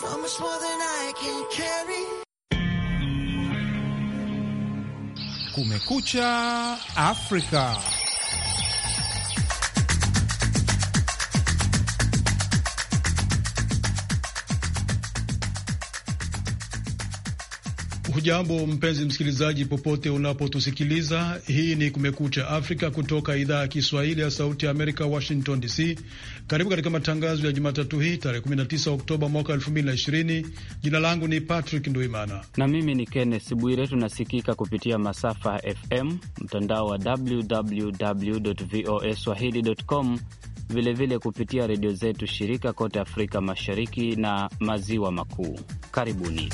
So much more than I can carry. Kumekucha Afrika. Hujambo mpenzi msikilizaji, popote unapotusikiliza. Hii ni Kumekucha Afrika kutoka idhaa ya Kiswahili ya Sauti ya Amerika, Washington DC. Karibu katika matangazo ya Jumatatu hii tarehe 19 Oktoba mwaka 2020. Jina langu ni Patrick Nduimana na mimi ni Kenneth Bwire. Tunasikika kupitia masafa ya FM, mtandao wa www voa swahili com, vilevile kupitia redio zetu shirika kote Afrika Mashariki na Maziwa Makuu. Karibuni.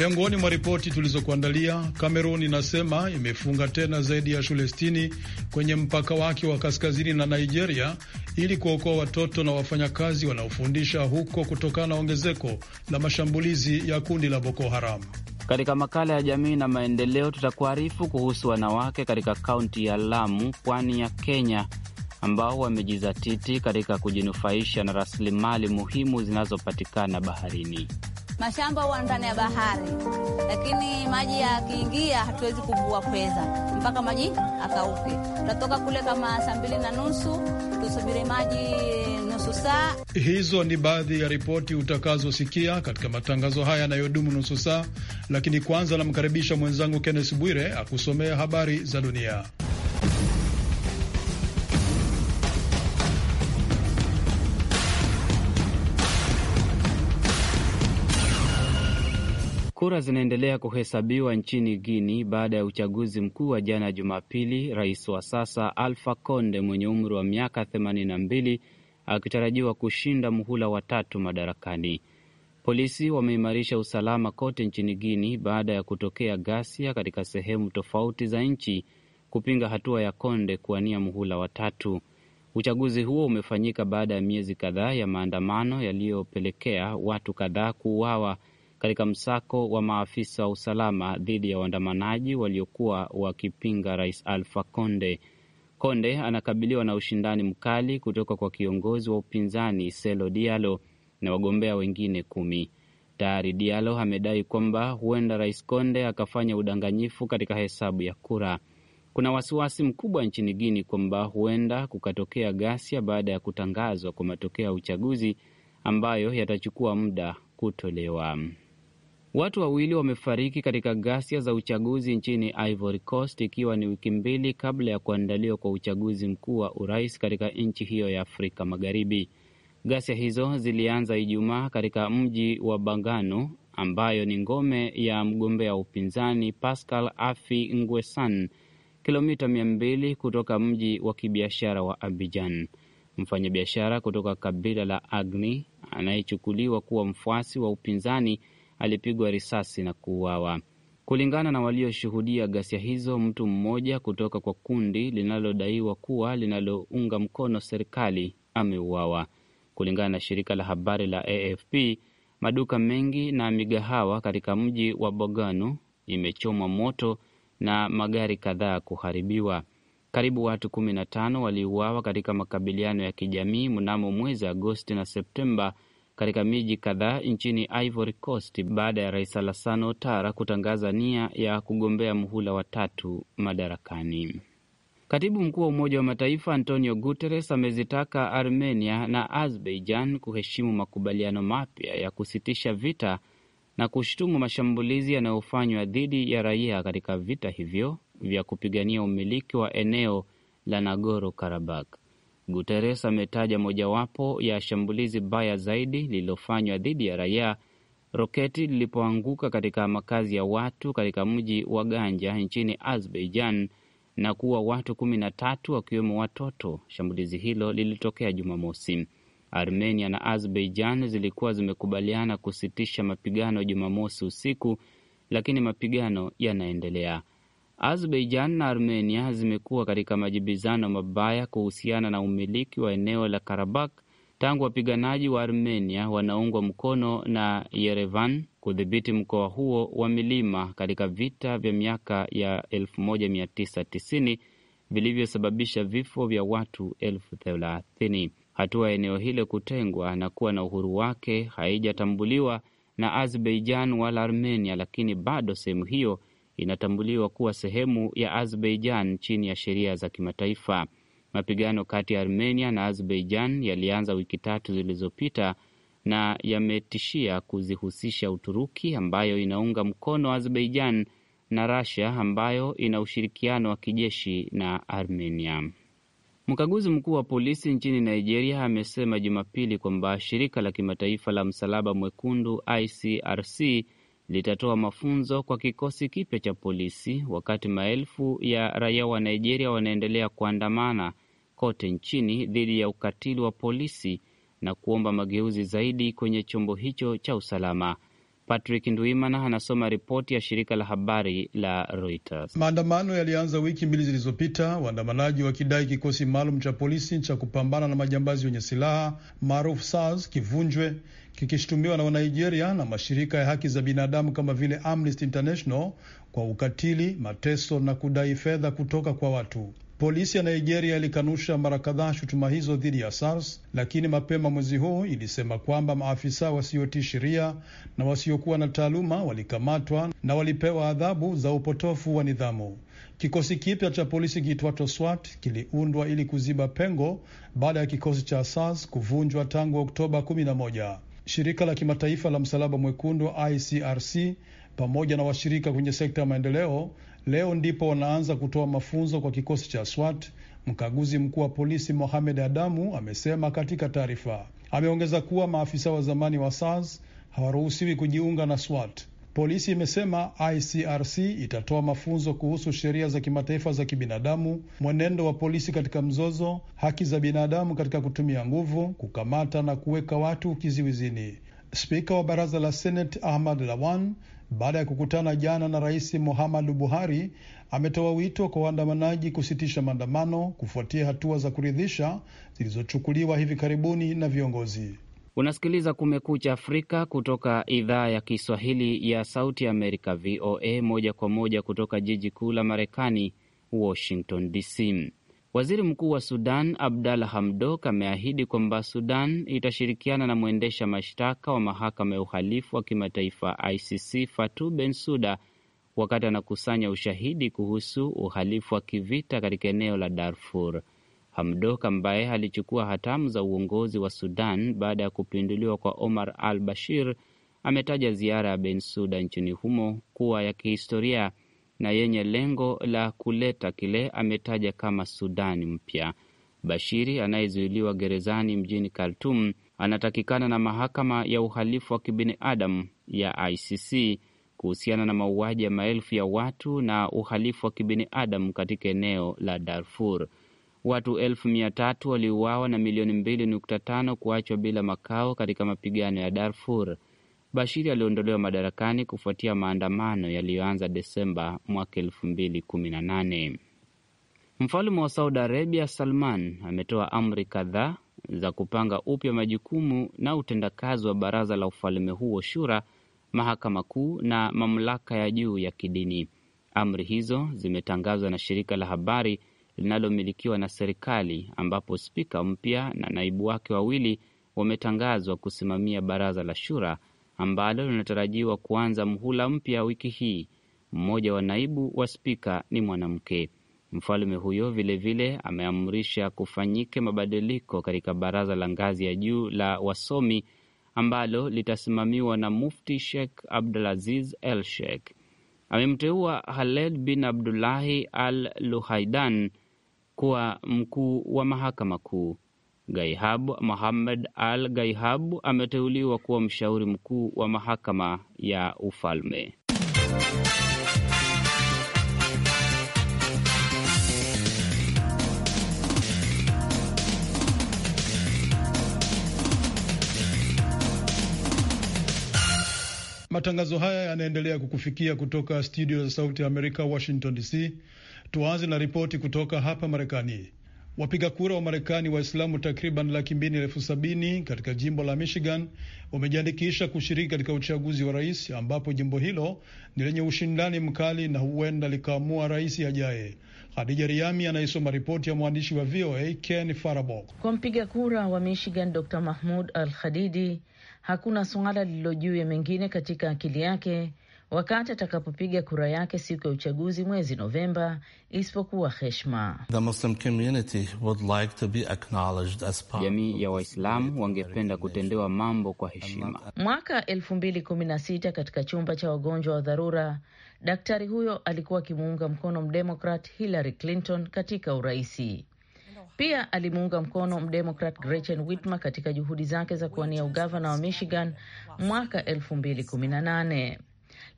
Miongoni mwa ripoti tulizokuandalia, Kamerun inasema imefunga tena zaidi ya shule sitini kwenye mpaka wake wa kaskazini na Nigeria ili kuokoa watoto na wafanyakazi wanaofundisha huko kutokana na ongezeko la mashambulizi ya kundi la Boko Haram. Katika makala ya jamii na maendeleo, tutakuarifu kuhusu wanawake katika kaunti ya Lamu, pwani ya Kenya, ambao wamejizatiti katika kujinufaisha na rasilimali muhimu zinazopatikana baharini mashamba huwa ndani ya bahari, lakini maji yakiingia hatuwezi kuvua pweza mpaka maji akauke. Tutatoka kule kama saa mbili na nusu, tusubiri maji nusu saa. Hizo ni baadhi ya ripoti utakazosikia katika matangazo haya yanayodumu nusu saa, lakini kwanza namkaribisha mwenzangu Kennes Bwire akusomea habari za dunia. Kura zinaendelea kuhesabiwa nchini guini baada ya uchaguzi mkuu wa jana Jumapili, rais wa sasa Alfa Conde mwenye umri wa miaka 82 akitarajiwa kushinda muhula wa tatu madarakani. Polisi wameimarisha usalama kote nchini guini baada ya kutokea ghasia katika sehemu tofauti za nchi kupinga hatua ya Konde kuwania muhula wa tatu. Uchaguzi huo umefanyika baada ya miezi kadhaa ya maandamano yaliyopelekea watu kadhaa kuuawa katika msako wa maafisa wa usalama dhidi ya waandamanaji waliokuwa wakipinga rais alfa Conde. Konde anakabiliwa na ushindani mkali kutoka kwa kiongozi wa upinzani Selo Dialo na wagombea wengine kumi. Tayari Dialo amedai kwamba huenda rais conde akafanya udanganyifu katika hesabu ya kura. Kuna wasiwasi mkubwa nchini Guini kwamba huenda kukatokea ghasia baada ya kutangazwa kwa matokeo ya uchaguzi ambayo yatachukua muda kutolewa. Watu wawili wamefariki katika ghasia za uchaguzi nchini Ivory Coast ikiwa ni wiki mbili kabla ya kuandaliwa kwa uchaguzi mkuu wa urais katika nchi hiyo ya Afrika Magharibi. Ghasia hizo zilianza Ijumaa katika mji wa Bagano ambayo ni ngome ya mgombea wa upinzani Pascal afi Ngwesan, kilomita mia mbili kutoka mji wa kibiashara wa Abidjan. Mfanyabiashara kutoka kabila la Agni anayechukuliwa kuwa mfuasi wa upinzani alipigwa risasi na kuuawa. Kulingana na walioshuhudia ghasia hizo, mtu mmoja kutoka kwa kundi linalodaiwa kuwa linalounga mkono serikali ameuawa. Kulingana na shirika la habari la AFP, maduka mengi na migahawa katika mji wa Bogano imechomwa moto na magari kadhaa kuharibiwa. Karibu watu kumi na tano waliuawa katika makabiliano ya kijamii mnamo mwezi Agosti na Septemba katika miji kadhaa nchini Ivory Coast baada ya Rais Alassane Ouattara kutangaza nia ya kugombea muhula wa tatu madarakani. Katibu mkuu wa Umoja wa Mataifa Antonio Guterres amezitaka Armenia na Azerbaijan kuheshimu makubaliano mapya ya kusitisha vita na kushutumu mashambulizi yanayofanywa dhidi ya raia katika vita hivyo vya kupigania umiliki wa eneo la Nagorno Karabakh. Guterres ametaja mojawapo ya shambulizi baya zaidi lililofanywa dhidi ya raia, roketi lilipoanguka katika makazi ya watu katika mji wa Ganja nchini Azerbaijan na kuwa watu kumi na tatu wakiwemo watoto. Shambulizi hilo lilitokea Jumamosi. Armenia na Azerbaijan zilikuwa zimekubaliana kusitisha mapigano Jumamosi usiku, lakini mapigano yanaendelea. Azerbaijan na Armenia zimekuwa katika majibizano mabaya kuhusiana na umiliki wa eneo la Karabakh tangu wapiganaji wa Armenia wanaungwa mkono na Yerevan kudhibiti mkoa huo wa milima katika vita vya miaka ya 1990 vilivyosababisha vifo vya watu elfu thelathini. Hatua ya eneo hilo kutengwa na kuwa na uhuru wake haijatambuliwa na Azerbaijan wala Armenia, lakini bado sehemu hiyo inatambuliwa kuwa sehemu ya Azerbaijan chini ya sheria za kimataifa. Mapigano kati ya Armenia na Azerbaijan yalianza wiki tatu zilizopita na yametishia kuzihusisha Uturuki ambayo inaunga mkono Azerbaijan na Rasia ambayo ina ushirikiano wa kijeshi na Armenia. Mkaguzi mkuu wa polisi nchini Nigeria amesema Jumapili kwamba shirika la kimataifa la msalaba mwekundu ICRC litatoa mafunzo kwa kikosi kipya cha polisi, wakati maelfu ya raia wa Nigeria wanaendelea kuandamana kote nchini dhidi ya ukatili wa polisi na kuomba mageuzi zaidi kwenye chombo hicho cha usalama. Patrick Ndwimana anasoma ripoti ya shirika la habari la Reuters. Maandamano yalianza wiki mbili zilizopita, waandamanaji wakidai kikosi maalum cha polisi cha kupambana na majambazi wenye silaha maarufu SARS kivunjwe kikishutumiwa na Wanigeria na mashirika ya haki za binadamu kama vile Amnesty International kwa ukatili, mateso na kudai fedha kutoka kwa watu. Polisi ya Nigeria ilikanusha mara kadhaa shutuma hizo dhidi ya SARS, lakini mapema mwezi huu ilisema kwamba maafisa wasiotii sheria na wasiokuwa na taaluma walikamatwa na walipewa adhabu za upotofu wa nidhamu. Kikosi kipya cha polisi kiitwacho SWAT kiliundwa ili kuziba pengo baada ya kikosi cha SARS kuvunjwa tangu Oktoba 11. Shirika la kimataifa la Msalaba Mwekundu ICRC pamoja na washirika kwenye sekta ya maendeleo leo ndipo wanaanza kutoa mafunzo kwa kikosi cha SWAT. Mkaguzi mkuu wa polisi Mohamed Adamu amesema katika taarifa. Ameongeza kuwa maafisa wa zamani wa SARS hawaruhusiwi kujiunga na SWAT. Polisi imesema ICRC itatoa mafunzo kuhusu sheria za kimataifa za kibinadamu, mwenendo wa polisi katika mzozo, haki za binadamu katika kutumia nguvu, kukamata na kuweka watu kiziwizini. Spika wa baraza la Senate Ahmad Lawan, baada ya kukutana jana na Rais Muhammadu Buhari, ametoa wito kwa waandamanaji kusitisha maandamano kufuatia hatua za kuridhisha zilizochukuliwa hivi karibuni na viongozi. Unasikiliza Kumekucha Afrika kutoka idhaa ya Kiswahili ya Sauti Amerika, VOA, moja kwa moja kutoka jiji kuu la Marekani, Washington DC. Waziri Mkuu wa Sudan Abdalla Hamdok ameahidi kwamba Sudan itashirikiana na mwendesha mashtaka wa mahakama ya uhalifu wa kimataifa ICC Fatu Bensuda wakati anakusanya ushahidi kuhusu uhalifu wa kivita katika eneo la Darfur. Hamdok ambaye alichukua hatamu za uongozi wa Sudan baada ya kupinduliwa kwa Omar al Bashir ametaja ziara ya ben suda nchini humo kuwa ya kihistoria na yenye lengo la kuleta kile ametaja kama Sudani mpya. Bashiri anayezuiliwa gerezani mjini Khartum anatakikana na mahakama ya uhalifu wa kibinadamu ya ICC kuhusiana na mauaji ya maelfu ya watu na uhalifu wa kibinadamu katika eneo la Darfur. Watu elfu mia tatu waliuawa na milioni 25 kuachwa bila makao katika mapigano ya Darfur. Bashiri aliondolewa madarakani kufuatia maandamano yaliyoanza Desemba mwaka 2018. Mfalme wa Saudi Arabia Salman ametoa amri kadhaa za kupanga upya majukumu na utendakazi wa baraza la ufalme huo, shura, mahakama kuu na mamlaka ya juu ya kidini. Amri hizo zimetangazwa na shirika la habari linalomilikiwa na serikali ambapo spika mpya na naibu wake wawili wametangazwa kusimamia baraza la shura ambalo linatarajiwa kuanza mhula mpya wiki hii. Mmoja wa naibu wa spika ni mwanamke. Mfalme huyo vilevile vile ameamrisha kufanyike mabadiliko katika baraza la ngazi ya juu la wasomi ambalo litasimamiwa na Mufti Sheikh Abdulaziz El Sheikh. Amemteua Haled bin Abdulahi Al Luhaidan kuwa mkuu wa mahakama kuu. Gaihab mohamed Al Gaihab ameteuliwa kuwa mshauri mkuu wa mahakama ya ufalme. Matangazo haya yanaendelea kukufikia kutoka studio za Sauti ya Amerika, Washington DC. Tuanze na ripoti kutoka hapa Marekani. Wapiga kura wa Marekani Waislamu takriban laki mbili elfu sabini katika jimbo la Michigan wamejiandikisha kushiriki katika uchaguzi wa rais, ambapo jimbo hilo ni lenye ushindani mkali na huenda likaamua rais ajaye. Hadija Riami anayesoma ripoti ya mwandishi wa VOA Ken Farabo. Kwa mpiga kura wa Michigan Dr Mahmud Al Khadidi, hakuna swala lililo juu ya mengine katika akili yake wakati atakapopiga kura yake siku ya uchaguzi mwezi Novemba, isipokuwa heshmajamii Jamii ya Waislamu wangependa kutendewa mambo kwa heshima. Mwaka elfu mbili kumi na sita katika chumba cha wagonjwa wa dharura, daktari huyo alikuwa akimuunga mkono mdemokrat Hillary Clinton katika uraisi. Pia alimuunga mkono mdemokrat Gretchen Whitmer katika juhudi zake za kuwania ugavana wa Michigan mwaka elfu mbili kumi na nane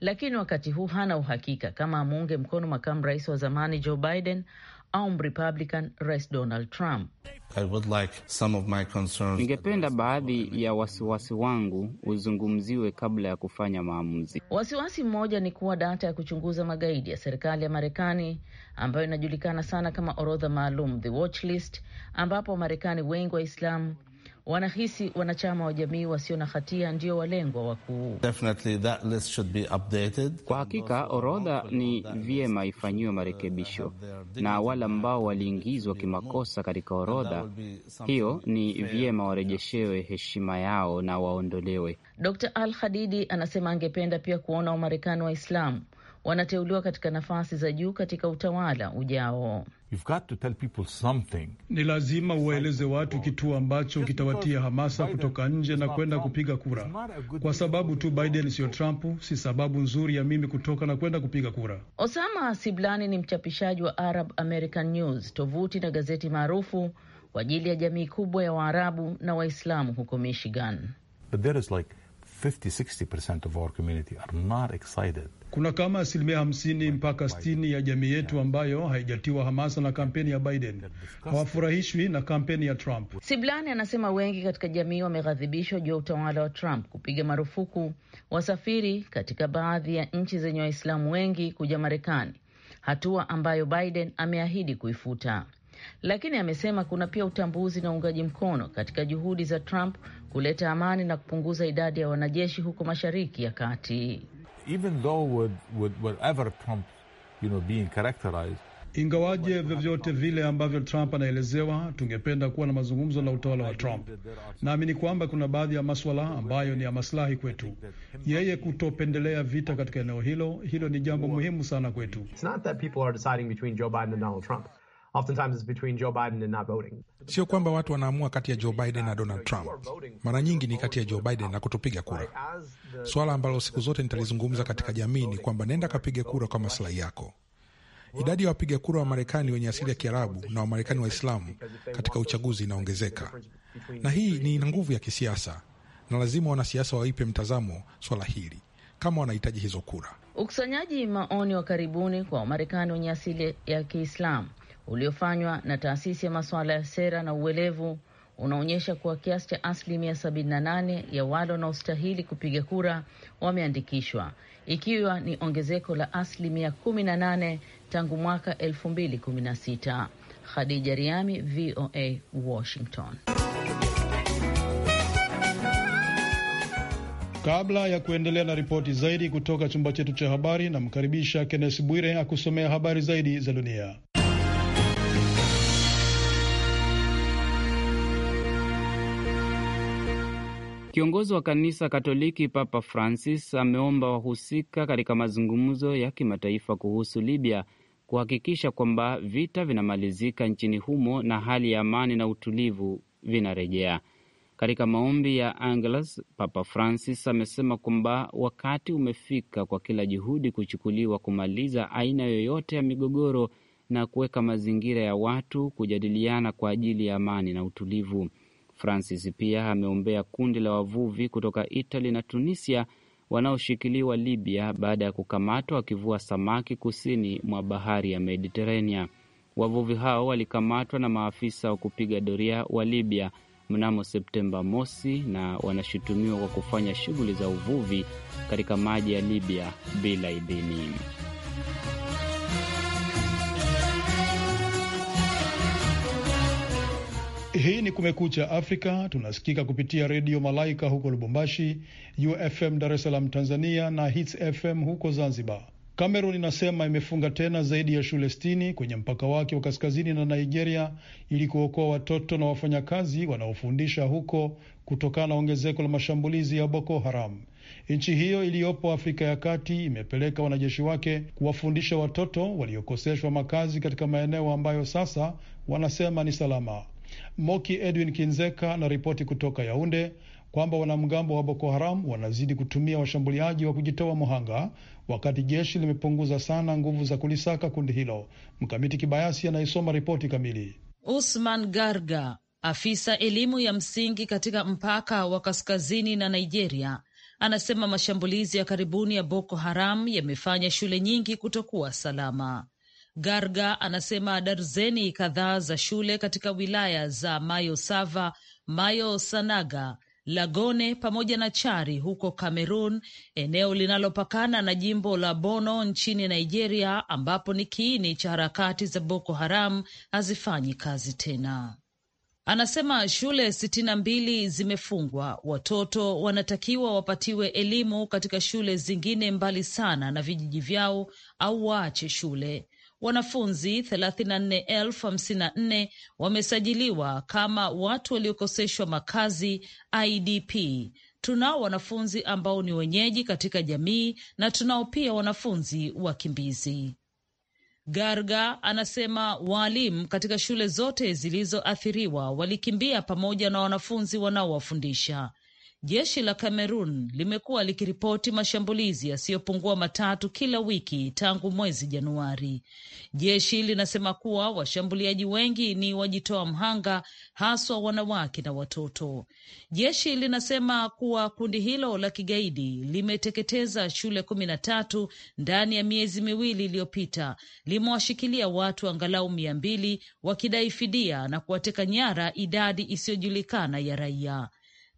lakini wakati huu hana uhakika kama amuunge mkono makamu rais wa zamani Joe Biden au Mrepublican rais Donald Trump. Ningependa baadhi ya wasiwasi wangu uzungumziwe kabla ya kufanya maamuzi. Wasiwasi mmoja ni kuwa data ya kuchunguza magaidi ya serikali ya Marekani ambayo inajulikana sana kama orodha maalum, the watch list, ambapo Wamarekani wengi Waislamu wanahisi wanachama wa jamii wasio na hatia ndio walengwa wakuu. Kwa hakika orodha ni vyema ifanyiwe marekebisho, na wale ambao waliingizwa kimakosa katika orodha hiyo ni vyema warejeshewe heshima yao na waondolewe. Dr Al hadidi anasema angependa pia kuona Wamarekani Waislamu wanateuliwa katika nafasi za juu katika utawala ujao. You've got to tell people something. Ni lazima uwaeleze watu kitu ambacho kitawatia hamasa kutoka nje na kwenda kupiga kura. Kwa sababu tu Biden siyo Trump, si sababu nzuri ya mimi kutoka na kwenda kupiga kura. Osama Siblani ni mchapishaji wa Arab American News, tovuti na gazeti maarufu kwa ajili ya jamii kubwa ya Waarabu na Waislamu huko Michigan. But there is like 50, 60% of our community are not excited kuna kama asilimia hamsini mpaka sitini ya jamii yetu ambayo haijatiwa hamasa na kampeni ya Biden, hawafurahishwi na kampeni ya Trump. Siblani anasema wengi katika jamii wameghadhibishwa juu ya utawala wa Trump kupiga marufuku wasafiri katika baadhi ya nchi zenye Waislamu wengi kuja Marekani, hatua ambayo Biden ameahidi kuifuta. Lakini amesema kuna pia utambuzi na uungaji mkono katika juhudi za Trump kuleta amani na kupunguza idadi ya wanajeshi huko Mashariki ya Kati even though with, with whatever Trump, you know, being characterized Ingawaje vyovyote vile ambavyo Trump anaelezewa, tungependa kuwa na mazungumzo na utawala wa Trump. Naamini kwamba kuna baadhi ya maswala ambayo ni ya maslahi kwetu. Yeye kutopendelea vita katika eneo hilo, hilo ni jambo muhimu sana kwetu. It's not that people are deciding between Joe Biden and Donald Trump. Sio kwamba watu wanaamua kati ya Joe Biden na Donald Trump. Mara nyingi ni kati ya Joe Biden na kutopiga kura. Swala ambalo siku zote nitalizungumza katika jamii ni kwamba nenda kapiga kura kwa maslahi yako. Idadi ya wapiga kura wa Marekani wenye asili ya Kiarabu na Wamarekani Waislamu katika uchaguzi inaongezeka, na hii ni ina nguvu ya kisiasa, na lazima wanasiasa waipe mtazamo swala hili kama wanahitaji hizo kura. Ukusanyaji maoni wa karibuni kwa Wamarekani wenye asili ya Kiislamu uliofanywa na taasisi ya masuala ya sera na uelevu unaonyesha kuwa kiasi cha asilimia 78 ya wale wanaostahili kupiga kura wameandikishwa, ikiwa ni ongezeko la asilimia 18 tangu mwaka 2016. Khadija Riami, VOA, Washington. Kabla ya kuendelea na ripoti zaidi kutoka chumba chetu cha habari, namkaribisha Kennes Bwire akusomea habari zaidi za dunia. Kiongozi wa kanisa Katoliki Papa Francis ameomba wahusika katika mazungumzo ya kimataifa kuhusu Libya kuhakikisha kwamba vita vinamalizika nchini humo na hali ya amani na utulivu vinarejea. Katika maombi ya Angelus, Papa Francis amesema kwamba wakati umefika kwa kila juhudi kuchukuliwa kumaliza aina yoyote ya migogoro na kuweka mazingira ya watu kujadiliana kwa ajili ya amani na utulivu. Francis pia ameombea kundi la wavuvi kutoka Itali na Tunisia wanaoshikiliwa Libya baada ya kukamatwa wakivua samaki kusini mwa bahari ya Mediterania. Wavuvi hao walikamatwa na maafisa wa kupiga doria wa Libya mnamo Septemba mosi na wanashutumiwa kwa kufanya shughuli za uvuvi katika maji ya Libya bila idhini. Hii ni Kumekucha Afrika, tunasikika kupitia Redio Malaika huko Lubumbashi, UFM Dar es Salaam Tanzania na Hits FM huko Zanzibar. Cameroon inasema imefunga tena zaidi ya shule sitini kwenye mpaka wake wa kaskazini na Nigeria ili kuokoa watoto na wafanyakazi wanaofundisha huko kutokana na ongezeko la mashambulizi ya Boko Haram. Nchi hiyo iliyopo Afrika ya Kati imepeleka wanajeshi wake kuwafundisha watoto waliokoseshwa makazi katika maeneo ambayo sasa wanasema ni salama. Moki Edwin Kinzeka na ripoti kutoka Yaunde kwamba wanamgambo wa Boko Haram wanazidi kutumia washambuliaji wa kujitoa muhanga, wakati jeshi limepunguza sana nguvu za kulisaka kundi hilo. Mkamiti Kibayasi anaisoma ripoti kamili. Usman Garga, afisa elimu ya msingi katika mpaka wa kaskazini na Nigeria, anasema mashambulizi ya karibuni ya Boko Haram yamefanya shule nyingi kutokuwa salama. Garga anasema darzeni kadhaa za shule katika wilaya za Mayo Sava, Mayo Sanaga, Lagone pamoja na Chari huko Cameroon, eneo linalopakana na jimbo la Bono nchini Nigeria, ambapo ni kiini cha harakati za Boko Haram hazifanyi kazi tena. Anasema shule sitini na mbili zimefungwa. Watoto wanatakiwa wapatiwe elimu katika shule zingine mbali sana na vijiji vyao, au waache shule. Wanafunzi 34,054 wamesajiliwa kama watu waliokoseshwa makazi IDP. Tunao wanafunzi ambao ni wenyeji katika jamii na tunao pia wanafunzi wakimbizi. Garga anasema waalimu katika shule zote zilizoathiriwa walikimbia pamoja na wanafunzi wanaowafundisha. Jeshi la Cameroon limekuwa likiripoti mashambulizi yasiyopungua matatu kila wiki tangu mwezi Januari. Jeshi linasema kuwa washambuliaji wengi ni wajitoa mhanga, haswa wanawake na watoto. Jeshi linasema kuwa kundi hilo la kigaidi limeteketeza shule kumi na tatu ndani ya miezi miwili iliyopita, limewashikilia watu angalau mia mbili wakidai fidia na kuwateka nyara idadi isiyojulikana ya raia.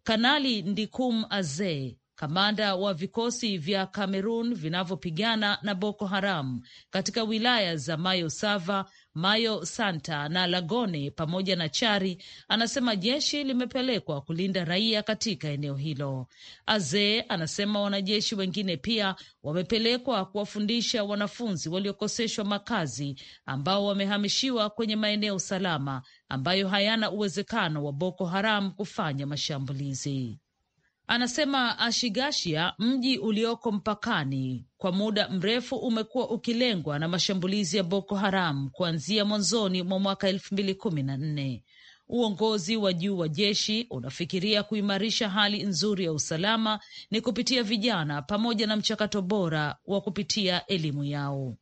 Kanali Ndikum Azee, kamanda wa vikosi vya cameron vinavyopigana na Boko Haram katika wilaya za Mayo Sava Mayo Santa na Lagone pamoja na Chari, anasema jeshi limepelekwa kulinda raia katika eneo hilo. Azee anasema wanajeshi wengine pia wamepelekwa kuwafundisha wanafunzi waliokoseshwa makazi ambao wamehamishiwa kwenye maeneo salama ambayo hayana uwezekano wa Boko Haram kufanya mashambulizi. Anasema Ashigashia, mji ulioko mpakani, kwa muda mrefu umekuwa ukilengwa na mashambulizi ya Boko Haram kuanzia mwanzoni mwa mwaka elfu mbili kumi na nne. Uongozi wa juu wa jeshi unafikiria kuimarisha hali nzuri ya usalama ni kupitia vijana pamoja na mchakato bora wa kupitia elimu yao.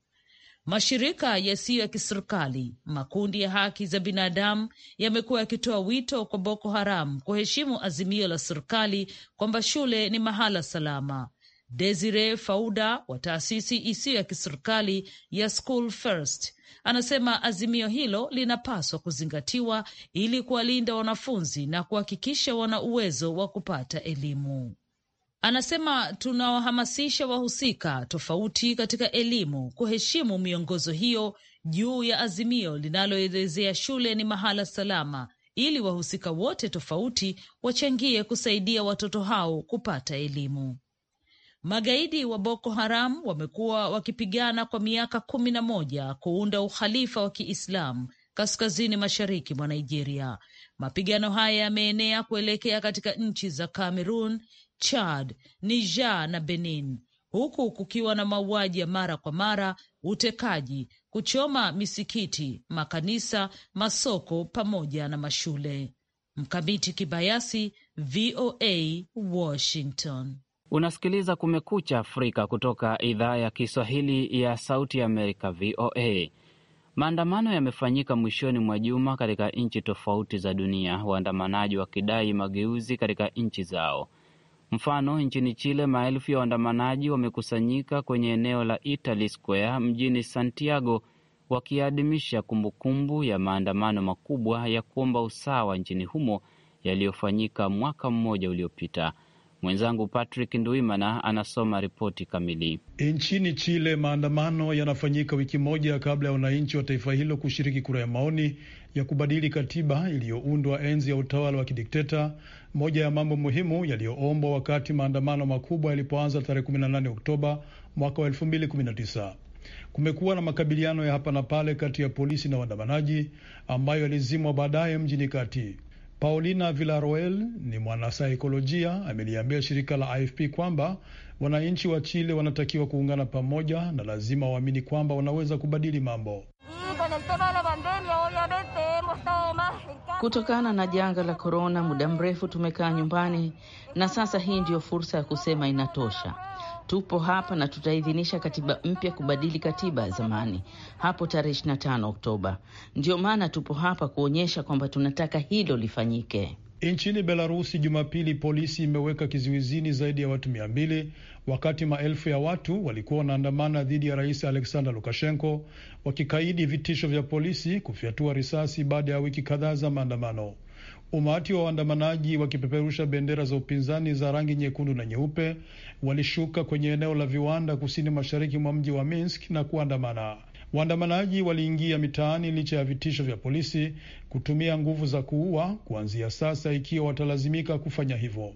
Mashirika yasiyo ya kiserikali, makundi ya haki za binadamu yamekuwa yakitoa wito kwa Boko Haram kuheshimu azimio la serikali kwamba shule ni mahala salama. Desire Fauda wa taasisi isiyo ya kiserikali ya School First anasema azimio hilo linapaswa kuzingatiwa ili kuwalinda wanafunzi na kuhakikisha wana uwezo wa kupata elimu. Anasema tunawahamasisha wahusika tofauti katika elimu kuheshimu miongozo hiyo juu ya azimio linaloelezea shule ni mahala salama, ili wahusika wote tofauti wachangie kusaidia watoto hao kupata elimu. Magaidi wa Boko Haram wamekuwa wakipigana kwa miaka kumi na moja kuunda ukhalifa wa Kiislamu kaskazini mashariki mwa Nigeria. Mapigano haya yameenea kuelekea katika nchi za Cameroon, Chad, Niger na Benin, huku kukiwa na mauaji ya mara kwa mara, utekaji, kuchoma misikiti, makanisa, masoko pamoja na mashule. Mkamiti Kibayasi, VOA, Washington. Unasikiliza Kumekucha Afrika kutoka idhaa ya Kiswahili ya Sauti ya Amerika, VOA. Maandamano yamefanyika mwishoni mwa juma katika nchi tofauti za dunia, waandamanaji wakidai mageuzi katika nchi zao. Mfano, nchini Chile maelfu ya waandamanaji wamekusanyika kwenye eneo la Italy Square mjini Santiago wakiadhimisha kumbukumbu ya maandamano makubwa ya kuomba usawa nchini humo yaliyofanyika mwaka mmoja uliopita. Mwenzangu Patrick Nduimana anasoma ripoti kamili. Nchini Chile, maandamano yanafanyika wiki moja kabla ya wananchi wa taifa hilo kushiriki kura ya maoni ya kubadili katiba iliyoundwa enzi ya utawala wa kidikteta, moja ya mambo muhimu yaliyoombwa wakati maandamano makubwa yalipoanza tarehe 18 Oktoba mwaka wa 2019. Kumekuwa na makabiliano ya hapa na pale kati ya polisi na waandamanaji ambayo yalizimwa baadaye mjini kati. Paulina Villaroel ni mwanasaikolojia ameliambia shirika la AFP kwamba wananchi wa Chile wanatakiwa kuungana pamoja na lazima waamini kwamba wanaweza kubadili mambo. Kutokana na janga la korona, muda mrefu tumekaa nyumbani na sasa hii ndiyo fursa ya kusema inatosha. Tupo hapa na tutaidhinisha katiba mpya kubadili katiba ya zamani hapo tarehe 25 Oktoba. Ndiyo maana tupo hapa kuonyesha kwamba tunataka hilo lifanyike. Nchini Belarusi Jumapili, polisi imeweka kizuizini zaidi ya watu mia mbili wakati maelfu ya watu walikuwa wanaandamana dhidi ya rais Alexander Lukashenko wakikaidi vitisho vya polisi kufyatua risasi baada ya wiki kadhaa za maandamano. Umati wa waandamanaji wakipeperusha bendera za upinzani za rangi nyekundu na nyeupe walishuka kwenye eneo la viwanda kusini mashariki mwa mji wa Minsk na kuandamana. Waandamanaji waliingia mitaani licha ya vitisho vya polisi kutumia nguvu za kuua kuanzia sasa ikiwa watalazimika kufanya hivyo.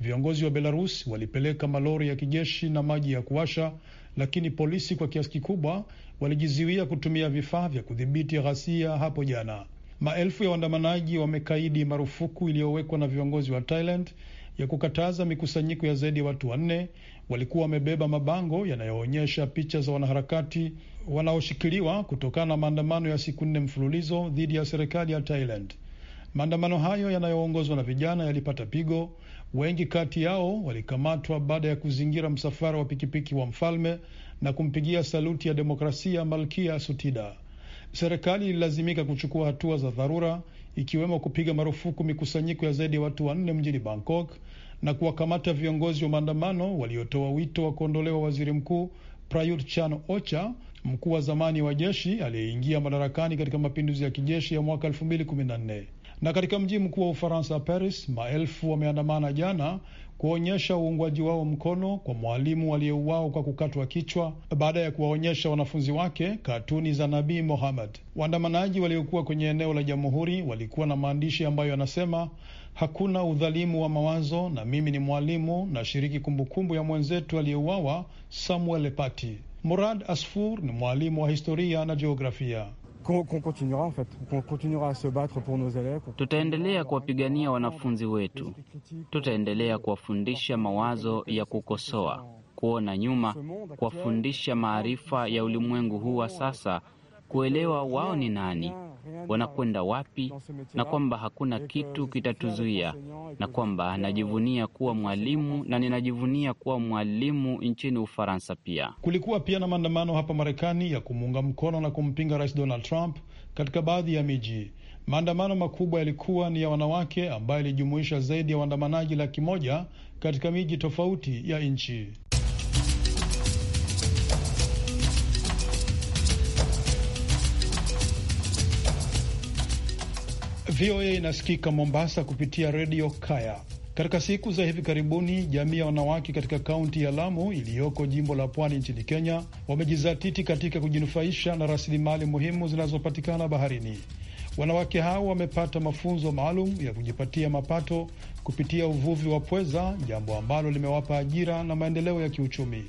Viongozi wa Belarus walipeleka malori ya kijeshi na maji ya kuwasha, lakini polisi kwa kiasi kikubwa walijizuia kutumia vifaa vya kudhibiti ghasia hapo jana. Maelfu ya waandamanaji wamekaidi marufuku iliyowekwa na viongozi wa Thailand ya kukataza mikusanyiko ya zaidi ya watu wanne. Walikuwa wamebeba mabango yanayoonyesha picha za wanaharakati wanaoshikiliwa kutokana na maandamano ya siku nne mfululizo dhidi ya serikali ya Thailand. Maandamano hayo yanayoongozwa na vijana yalipata pigo. Wengi kati yao walikamatwa baada ya kuzingira msafara wa pikipiki wa mfalme na kumpigia saluti ya demokrasia Malkia Sutida. Serikali ililazimika kuchukua hatua za dharura, ikiwemo kupiga marufuku mikusanyiko ya zaidi ya watu wanne mjini Bangkok na kuwakamata viongozi wa maandamano waliotoa wito wa kuondolewa waziri mkuu Prayut Chan Ocha, mkuu wa zamani wa jeshi aliyeingia madarakani katika mapinduzi ya kijeshi ya mwaka 2014. Na katika mji mkuu wa Ufaransa, Paris, maelfu wameandamana jana kuonyesha uungwaji wao mkono kwa mwalimu aliyeuawa kwa kukatwa kichwa baada ya kuwaonyesha wanafunzi wake katuni za Nabii Mohammed. Waandamanaji waliokuwa kwenye eneo la Jamhuri walikuwa na maandishi ambayo yanasema hakuna udhalimu wa mawazo, na mimi ni mwalimu na shiriki kumbukumbu ya mwenzetu aliyeuawa Samuel Paty. Murad Asfur ni mwalimu wa historia na jiografia qu'on continuera en fait, qu'on continuera à se battre pour nos élèves. Tutaendelea kuwapigania wanafunzi wetu, tutaendelea kuwafundisha mawazo ya kukosoa, kuona nyuma, kuwafundisha maarifa ya ulimwengu huu wa sasa, kuelewa wao ni nani wanakwenda wapi, na kwamba hakuna kitu kitatuzuia, na kwamba najivunia kuwa mwalimu na ninajivunia kuwa mwalimu nchini Ufaransa. Pia kulikuwa pia na maandamano hapa Marekani ya kumuunga mkono na kumpinga Rais Donald Trump katika baadhi ya miji. Maandamano makubwa yalikuwa ni ya wanawake ambayo ilijumuisha zaidi ya waandamanaji laki moja katika miji tofauti ya nchi. VOA inasikika Mombasa kupitia redio Kaya. Katika siku za hivi karibuni, jamii ya wanawake katika kaunti ya Lamu iliyoko jimbo la Pwani nchini Kenya wamejizatiti katika kujinufaisha na rasilimali muhimu zinazopatikana baharini. Wanawake hao wamepata mafunzo maalum ya kujipatia mapato kupitia uvuvi wa pweza, jambo ambalo limewapa ajira na maendeleo ya kiuchumi.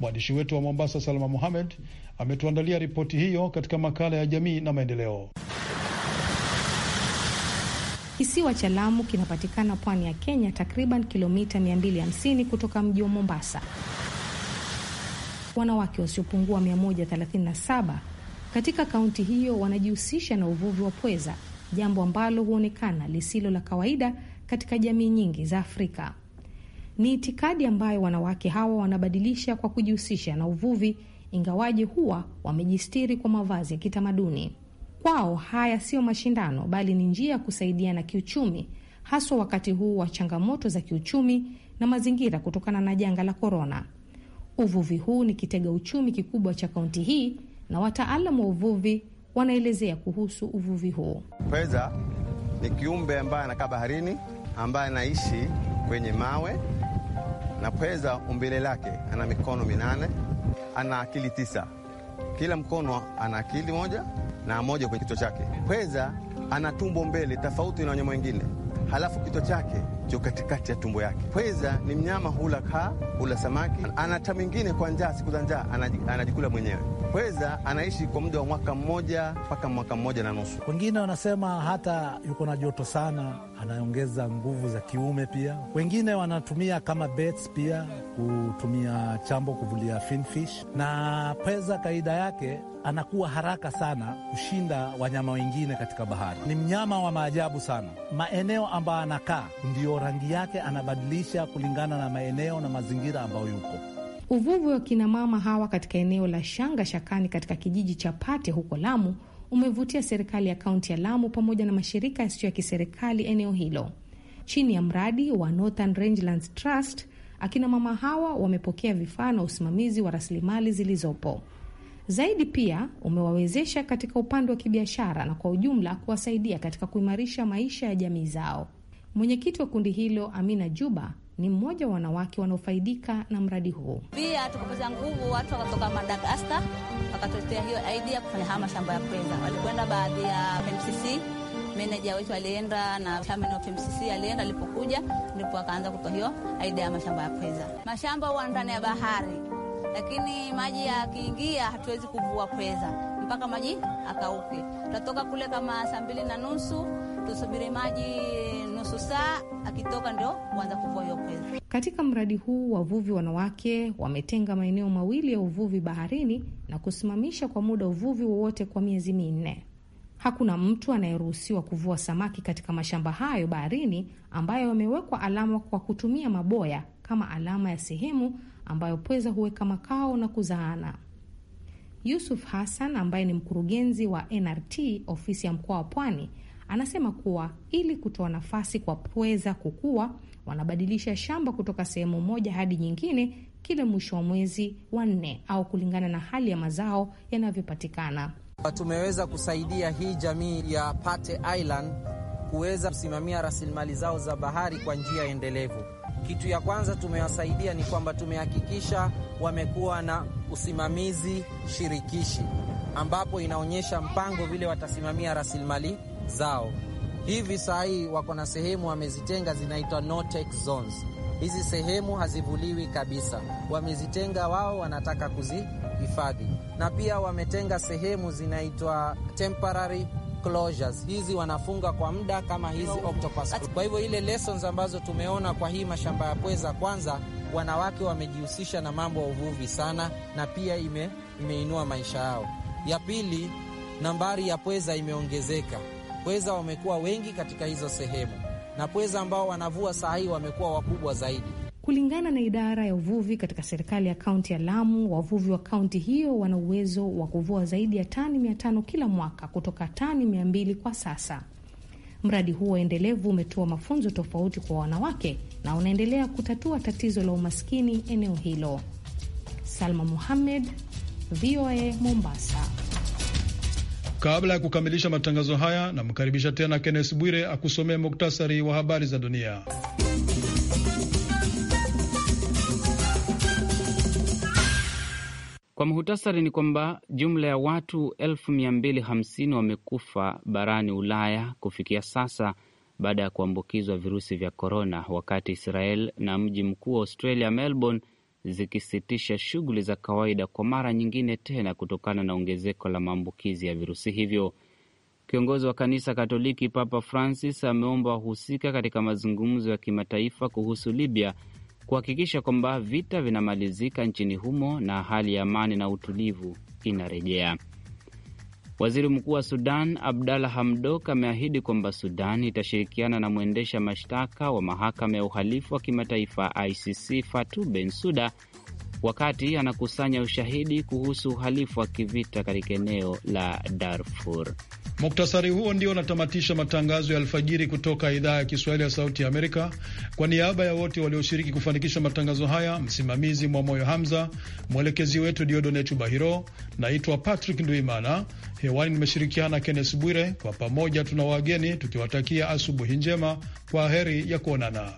Mwandishi wetu wa Mombasa, Salma Mohamed, ametuandalia ripoti hiyo katika makala ya jamii na maendeleo. Kisiwa cha Lamu kinapatikana pwani ya Kenya, takriban kilomita 250 kutoka mji wa Mombasa. Wanawake wasiopungua 137 katika kaunti hiyo wanajihusisha na uvuvi wa pweza, jambo ambalo huonekana lisilo la kawaida katika jamii nyingi za Afrika. Ni itikadi ambayo wanawake hawa wanabadilisha kwa kujihusisha na uvuvi, ingawaje huwa wamejistiri kwa mavazi ya kitamaduni. Kwao haya sio mashindano, bali ni njia ya kusaidiana kiuchumi, haswa wakati huu wa changamoto za kiuchumi na mazingira kutokana na janga la korona. Uvuvi huu ni kitega uchumi kikubwa cha kaunti hii, na wataalamu wa uvuvi wanaelezea kuhusu uvuvi huu. Pweza ni kiumbe ambaye anakaa baharini, ambaye anaishi kwenye mawe, na pweza umbile lake, ana mikono minane, ana akili tisa, kila mkono ana akili moja na moja kwenye kichwa chake. Pweza ana tumbo mbele tofauti na wanyama wengine, halafu kichwa chake cho katikati ya tumbo yake. Pweza ni mnyama hula kaa, hula samaki, ana taa mwingine kwa njaa, siku za njaa anajikula mwenyewe pweza anaishi kwa muda wa mwaka mmoja mpaka mwaka mmoja na nusu. Wengine wanasema hata yuko na joto sana, anaongeza nguvu za kiume pia. Wengine wanatumia kama baits pia, kutumia chambo kuvulia finfish. Na pweza kaida yake anakuwa haraka sana kushinda wanyama wengine katika bahari. Ni mnyama wa maajabu sana. Maeneo ambayo anakaa, ndiyo rangi yake anabadilisha kulingana na maeneo na mazingira ambayo yuko. Uvuvi wa kinamama hawa katika eneo la Shanga Shakani katika kijiji cha Pate huko Lamu umevutia serikali ya kaunti ya Lamu pamoja na mashirika yasiyo ya kiserikali eneo hilo. Chini ya mradi wa Northern Rangelands Trust, akina mama hawa wamepokea vifaa na usimamizi wa rasilimali zilizopo. Zaidi pia umewawezesha katika upande wa kibiashara na kwa ujumla kuwasaidia katika kuimarisha maisha ya jamii zao. Mwenyekiti wa kundi hilo Amina Juba ni mmoja wa wanawake wanaofaidika na mradi huu. Pia tukapata nguvu, watu wakatoka Madagasta wakatuletea hiyo idea ya kufanya haya mashamba ya pweza. Walikwenda baadhi ya MCC, meneja wetu alienda na chairman wa MCC alienda, alipokuja ndipo akaanza kutoa hiyo idea ya mashamba ya pweza. Mashamba huwa ndani ya bahari, lakini maji yakiingia hatuwezi kuvua pweza mpaka maji akauke. Tutatoka kule kama saa mbili na nusu tusubiri maji nusu saa, akitoka ndio kuanza kuvua hiyo pweza. Katika mradi huu wavuvi wanawake wametenga maeneo mawili ya uvuvi baharini na kusimamisha kwa muda uvuvi wowote kwa miezi minne. Hakuna mtu anayeruhusiwa kuvua samaki katika mashamba hayo baharini ambayo yamewekwa alama kwa kutumia maboya kama alama ya sehemu ambayo pweza huweka makao na kuzaana. Yusuf Hassan ambaye ni mkurugenzi wa NRT ofisi ya mkoa wa Pwani Anasema kuwa ili kutoa nafasi kwa pweza kukua, wanabadilisha shamba kutoka sehemu moja hadi nyingine kila mwisho wa mwezi wa nne au kulingana na hali ya mazao yanavyopatikana. Tumeweza kusaidia hii jamii ya Pate Island kuweza kusimamia rasilimali zao za bahari kwa njia endelevu. Kitu ya kwanza tumewasaidia ni kwamba tumehakikisha wamekuwa na usimamizi shirikishi, ambapo inaonyesha mpango vile watasimamia rasilimali zao. Hivi saa hii wako na sehemu wamezitenga zinaitwa no tech zones. Hizi sehemu hazivuliwi kabisa, wamezitenga wao, wanataka kuzihifadhi, na pia wametenga sehemu zinaitwa temporary closures. Hizi wanafunga kwa muda kama hizi octopus. Kwa hivyo ile lessons ambazo tumeona kwa hii mashamba ya pweza, kwanza wanawake wamejihusisha na mambo ya uvuvi sana, na pia ime, imeinua maisha yao. Ya pili, nambari ya pweza imeongezeka Pweza wamekuwa wengi katika hizo sehemu, na pweza ambao wanavua saa hii wamekuwa wakubwa zaidi. Kulingana na idara ya uvuvi katika serikali ya kaunti ya Lamu, wavuvi wa kaunti hiyo wana uwezo wa kuvua zaidi ya tani mia tano kila mwaka kutoka tani mia mbili kwa sasa. Mradi huo endelevu umetoa mafunzo tofauti kwa wanawake na unaendelea kutatua tatizo la umaskini eneo hilo. Salma Muhammed, VOA Mombasa. Kabla ya kukamilisha matangazo haya, namkaribisha tena Kennes Bwire akusomee muktasari wa habari za dunia. Kwa muhtasari ni kwamba jumla ya watu 250 wamekufa barani Ulaya kufikia sasa baada ya kuambukizwa virusi vya korona, wakati Israel na mji mkuu wa Australia Melbourne zikisitisha shughuli za kawaida kwa mara nyingine tena kutokana na ongezeko la maambukizi ya virusi hivyo. Kiongozi wa kanisa Katoliki Papa Francis ameomba wahusika katika mazungumzo ya kimataifa kuhusu Libya kuhakikisha kwamba vita vinamalizika nchini humo na hali ya amani na utulivu inarejea. Waziri mkuu wa Sudan Abdalla Hamdok ameahidi kwamba Sudan itashirikiana na mwendesha mashtaka wa mahakama ya uhalifu wa kimataifa ICC Fatu Bensuda wakati anakusanya ushahidi kuhusu uhalifu wa kivita katika eneo la Darfur. Muktasari huo ndio unatamatisha matangazo ya alfajiri kutoka idhaa ya Kiswahili ya Sauti ya Amerika. Kwa niaba ya wote walioshiriki kufanikisha matangazo haya, msimamizi mwa moyo Hamza, mwelekezi wetu Diodone Chubahiro. Naitwa Patrick Nduimana, hewani nimeshirikiana Kennes Bwire. Kwa pamoja tuna wageni tukiwatakia asubuhi njema, kwa heri ya kuonana.